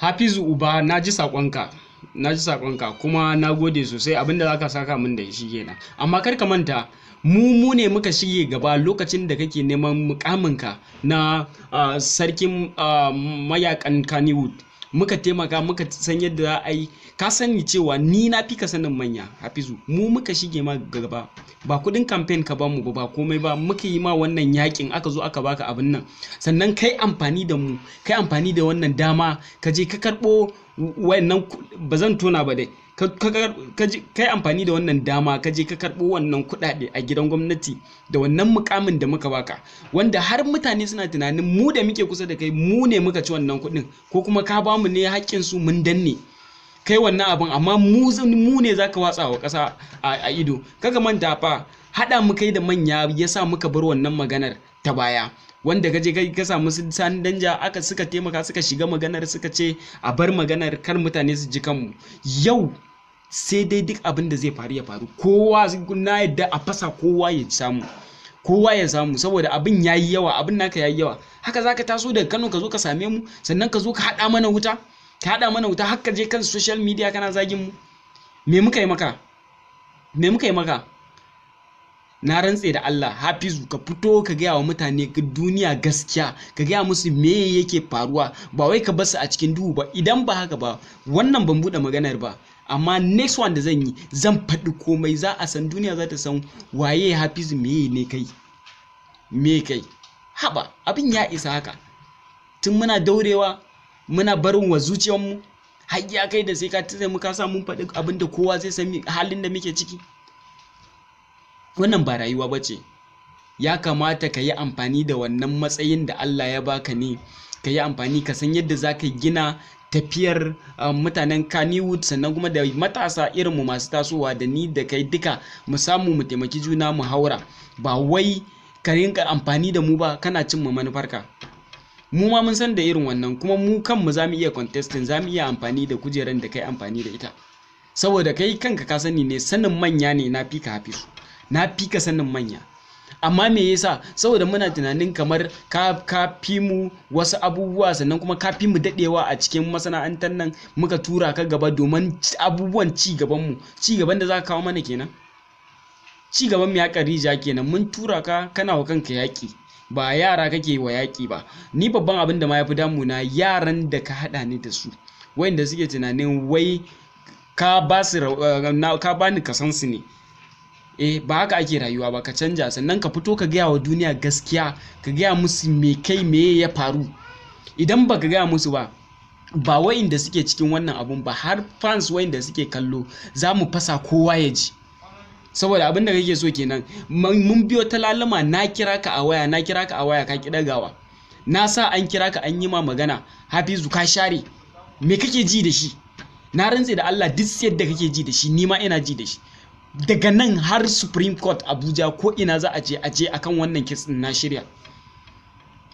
Hafizu Uba na ji saƙonka. na ji saƙonka kuma na gode sosai abinda za ka saka min da shi kenan amma kar ka manta mu mu ne muka shige gaba lokacin da kake neman mukaminka na sarkin mayakan Kannywood muka taimaka muka san yadda za a yi ka sani cewa ni na fi ka sanin manya hafizu mu muka shige ma gaba ba kuɗin kamfen ka bamu ba ba komai ba muka yi ma wannan yakin aka zo aka baka abin nan sannan kai amfani da mu kai amfani da wannan dama ka je ka karbo wannan ba zan tona ba dai kai amfani da wannan dama ka je ka karbo wannan kudade a gidan gwamnati da wannan mukamin da muka baka wanda har mutane suna tunanin mu da muke kusa da kai mu ne muka ci wannan kuɗin, ko kuma ka bamu ne haƙƙin su mun danne kai wannan abin amma mu mu ne zaka watsa wa ƙasa a ido kaga manta fa haɗa mu kai da manya yasa muka bar wannan maganar ta baya wanda gaje kai ka samu su danja aka suka taimaka suka shiga maganar suka ce a bar maganar kar mutane su ji kanmu yau sai dai duk abin da zai faru ya faru kowa na yadda a fasa kowa ya samu kowa ya samu saboda abin yayi yawa abin naka yayi yawa haka zaka taso daga Kano ka zo ka same mu sannan ka zo ka haɗa mana wuta ka haɗa mana wuta haka je kan social media kana zagin mu me muka yi maka me muka yi maka na rantse da Allah Hafizu ka fito ka gaya wa mutane duniya gaskiya ka gaya musu me yake faruwa ba wai ka basu a cikin duhu ba idan ba haka ba wannan ban buɗe maganar ba amma next one da zan yi zan faɗi komai za a san duniya za ta san waye Hafizu me ne kai me kai haba abin ya isa haka tun muna daurewa muna barin wa zuciyarmu har ya kai da sai ka tsaye mu ka sa mun faɗi abin da kowa zai san halin da muke ciki wannan ba rayuwa ba ce ya kamata ka yi amfani da wannan matsayin da Allah ya baka ne ka yi amfani ka san yadda za ka gina tafiyar um, mutanen Kaniwood sannan kuma da matasa irin mu masu tasowa da ni da kai duka mu samu mu taimaki juna mu haura ba wai ka rinka amfani da mu ba kana cin mu manufarka mu ma mun san da irin wannan kuma mu kanmu za mu iya contesting za mu iya amfani da kujeran da kai amfani da ita saboda kai kanka ka sani ne sanin manya ne na fi ka su na fi ka sanin manya amma me yasa saboda muna tunanin kamar ka ka fi mu wasu abubuwa sannan kuma ka fi mu dadewa a cikin masana'antar nan muka tura ka gaba domin abubuwan ci gaban mu ci gaban da za ka kawo mana kenan ci gaban mu ya karija kenan mun tura ka kana wa kanka yaki ba yara kake wa yaƙi ba ni babban abin da ma ya fi damuna yaran da ka haɗa ni da su wayanda suke tunanin wai ka ba eh, ka ba ni kasan su ne eh ba haka ake rayuwa ba ka canja sannan ka fito ka gaya wa duniya gaskiya ka gaya musu me kai me ya faru idan baka gaya musu ba ba wayanda suke cikin wannan abun ba har fans wayanda suke kallo za mu fasa kowa ya ji saboda abin da kake so kenan mun biyo ta laluma na kira ka a waya na kira ka a waya ka kida gawa. na sa an kira ka an yi ma magana hafizu ka share me kake ji da shi na rantse da Allah duk yadda kake ji da shi ni ma ina ji da shi daga nan har supreme court abuja ko ina za a je a je akan wannan kitsin na shirya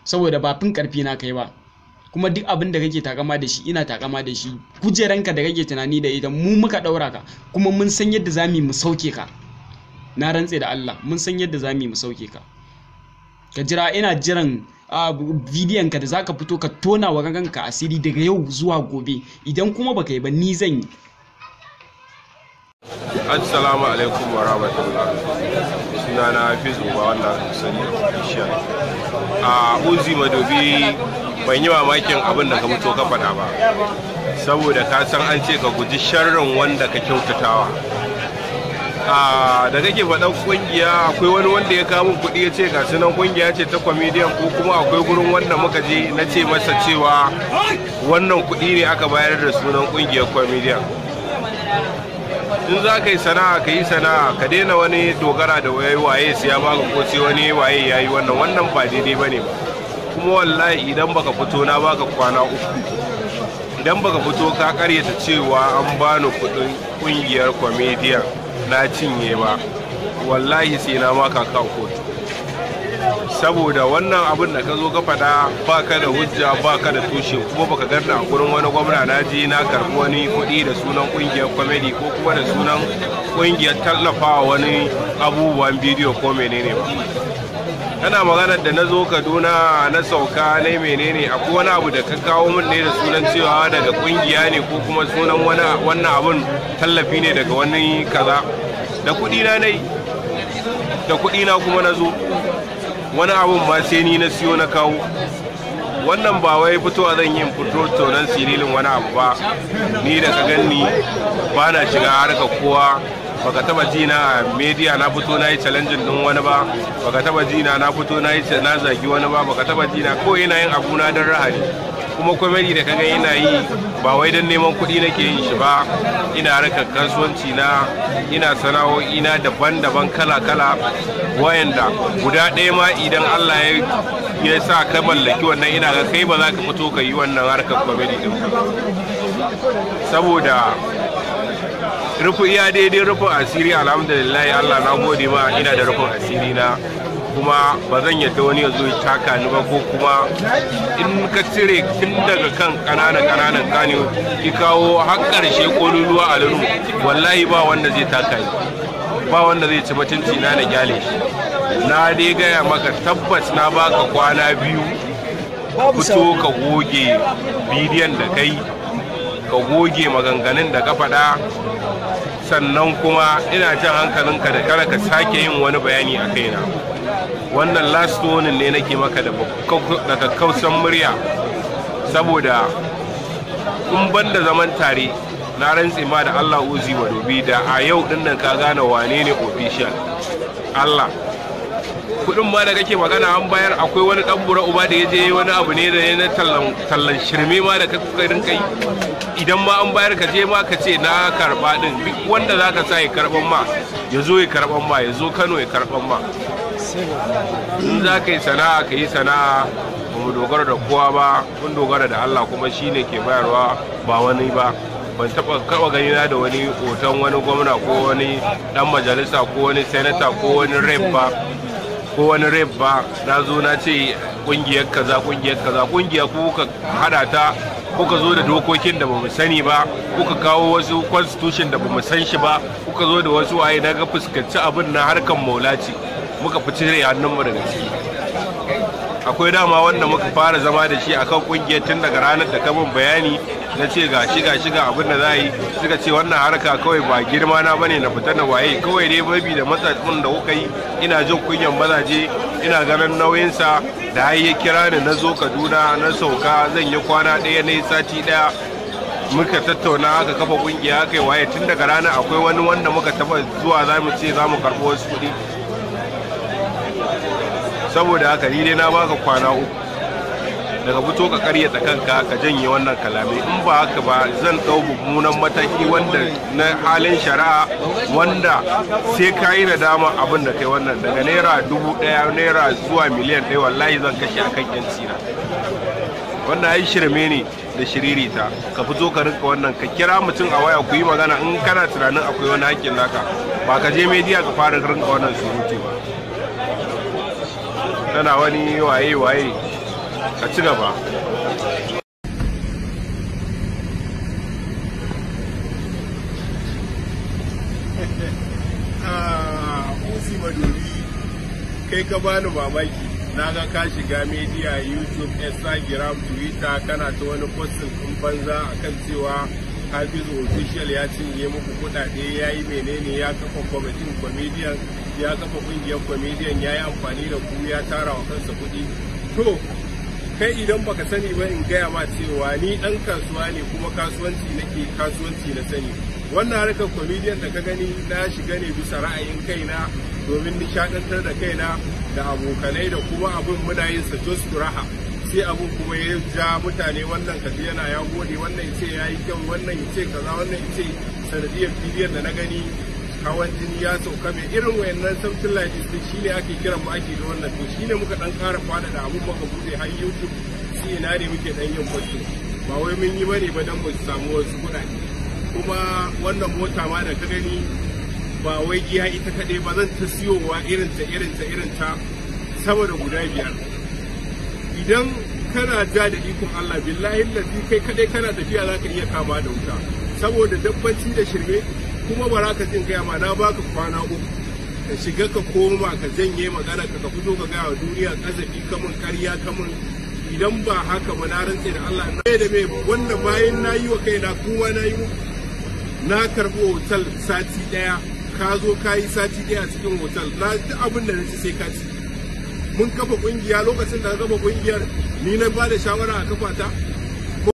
saboda ba fin karfi na kai ba kuma duk abin da kake takama da shi ina takama da shi kujeranka da kake tunani da ita mu muka daura ka kuma mun san yadda za mu sauke ka na rantse da Allah mun san yadda za mu yi mu sauke ka ka jira ina jiran bidiyon ka da za ka fito ka tona wa ka asiri daga yau zuwa gobe idan kuma baka yi ba ni zan yi assalamu alaikum wa rahmatullah suna na hafizu ba wanda sani a uzi madobi ban yi mamakin abin da ka fito ka faɗa ba saboda ka san an ce ka guji sharrin wanda ka kyautatawa da kake faɗan kungiya akwai wani wanda ya kawo kuɗi ya ce ga sunan kungiya ce ta comedian ko kuma akwai gurin wanda muka je na ce masa cewa wannan kuɗi ne aka bayar da sunan kungiyar comedian in za ka yi sana'a ka yi sana'a ka daina wani dogara da waye waye siya ka ko sai wani waye ya yi wannan wannan ba daidai ba ne kuma wallahi idan baka fito na baka kwana uku idan baka fito ka karyata cewa an bani kuɗin kungiyar comedian na cinye ba wallahi sai na maka kan kotu saboda wannan abin da ka zo ka faɗa ba ka da hujja ba ka da tushe kuma baka garna a gurin wani gwamna na je na karɓi wani kuɗi da sunan ƙungiyar kwamedi ko kuma da sunan ƙungiyar tallafawa wani abubuwan bidiyo ko menene ba kana maganar da na zo kaduna na sauka ne menene akwai wani abu da ka kawo min ne da sunan cewa daga kungiya ne ko kuma sunan wannan abun tallafi ne daga wani kaza da kuɗi na nai da kuɗi na kuma na zo wani abun ma sai ni na siyo na kawo wannan ba wai fitowa zan yi fito tonan sirilin wani abu ba ni da ka ganni ba na shiga harkar kowa baka taba ji na media na fito na yi challenging din wani ba baka taba ji na na fito na yi na zagi wani ba baka taba ji na ko ina yin abu na dan rahani kuma comedy da kaga ina yi ba wai dan neman kuɗi nake yin shi ba ina harkar kasuwanci na ina sana'o'i na daban-daban kala-kala wayanda guda ɗaya ma idan Allah ya ya sa ka mallaki wannan ina ga kai ba za ka fito ka yi wannan harkar comedy din saboda rufu iya daidai rufin asiri alhamdulillah Allah na gode ba ina da rufin asiri na kuma ba zan yadda wani ya zo ya taka ni ba ko kuma in ka cire tun daga kan kananan kananan kaniyo ki kawo har karshe kololuwa a lulu wallahi ba wanda zai taka ni ba wanda zai ci mutunci na na gyale shi na dai gaya maka tabbas na baka kwana biyu fito ka goge bidiyon da kai ka goge maganganun da ka faɗa sannan kuma ina jan hankalinka da kada ka sake yin wani bayani a kaina wannan last warning ne nake maka da kakkausan murya saboda in ban da zaman tare na rantse ma da Allah uzi wa dobi da a yau dinnan ka gane wane ne official Allah kudin ma da kake magana an bayar akwai wani dan bura uba da ya je wani abu ne da na tallan shirme ma da kake kai idan ma an bayar ka je ma ka ce na karɓa din duk wanda za sa ya karban ma ya zo ya karban ma ya zo kano ya karban ma in za ka yi sana'a ka sana'a ba mu dogara da kowa ba mun dogara da allah kuma shine ke bayarwa ba wani ba ban taba kaba gani na da wani hoton wani gwamna ko wani dan majalisa ko wani senata ko wani rep ba ko wani rape ba na zo na ce kungiyar kaza kungiyar kaza kungiya ko kuka hada ta kuka zo da dokokin da bamu sani ba kuka kawo wasu constitution da bamu san shi ba kuka zo da wasu waye na ga fuskanci abin na harkan maula ce muka fice mu daga ciki akwai dama wanda muka fara zama da shi akan kungiyar tun daga ranar da kamun bayani na ce ga shiga shiga abin da za yi suka ce wannan harka kawai ba girma na bane na fita na waye kawai dai babi da matsatsun da kuka yi ina jin kunyan mazaje ina ganin nauyinsa da har ya kira ni na zo kaduna na sauka zan yi kwana ɗaya na sati daya muka tattauna aka kafa kungiya kai waye tun daga ranar akwai wani wanda muka taba zuwa za mu ce za mu karɓo wasu kuɗi saboda haka ni dai na baka kwana uku daga fito ka karyata kanka ka janye wannan kalamai in ba haka ba zan ɗau mummunan mataki wanda na halin shari'a wanda sai ka yi nadama abin da kai wannan daga naira dubu ɗaya naira zuwa miliyan ɗaya wallahi zan kashe kan yanci na wannan ai shirme ne da shiririta ka fito ka rinka wannan ka kira mutum a waya ku yi magana in kana tunanin akwai wani hakkin naka ba ka je media ka fara rinka wannan surutu ba tana wani waye waye ka ci gaba ah, kai ka bani mamaki na ga ka shiga media youtube instagram twitter kana ta wani postin kun banza akan cewa hafizu official ya cinye muku kudade ya yi menene ya kafa kwamitin comedians ya kafa kungiyar comedian ya yi amfani da ku ya tara wa kansa kuɗi to kai idan baka sani ba in gaya ma cewa ni dan kasuwa ne kuma kasuwanci nake kasuwanci na sani wannan harkar comedian da ka gani na shiga ne bisa ra'ayin kaina domin nishaɗantar da kaina da abokanai da kuma abin muna yin sa jos raha sai abu kuma ya ja mutane wannan kaji yana ya gode wannan ce ya yi kyau wannan ce kaza wannan ce sanadiyar bidiyon da na gani hawan jini ya sauka mai irin wayannan samcin like this shi ne ake kiran mu ake da wannan to shi ne muka dan kara fada da abun ka bude har YouTube shi ina ne muke dan yin bacci ba wai mun yi bane ba dan mu samu wasu kuɗaɗe kuma wannan mota ma da ka gani ba wai giya ita kaɗai ba zan ta siyowa irin ta irin ta irin ta saboda guda biyar idan kana ja da ikon Allah billahi lafi kai kaɗai kana tafiya za ka iya kama da wuta saboda dabbaci da shirme kuma ba za ka jin gaya ma na baka kwana uku ka shiga ka koma ka janye magana ka ka fito ka gaya wa duniya kazafi kamun karya kamun idan ba haka ba na rantse da Allah na da me wanda bayan na yi wa kai na kuma na yi na karbi hotel sati daya ka zo ka yi sati daya cikin hotel na duk abin da na ci sai ka ci mun kafa ƙungiya lokacin da na kafa kungiyar ni na ba da shawara a kafa ta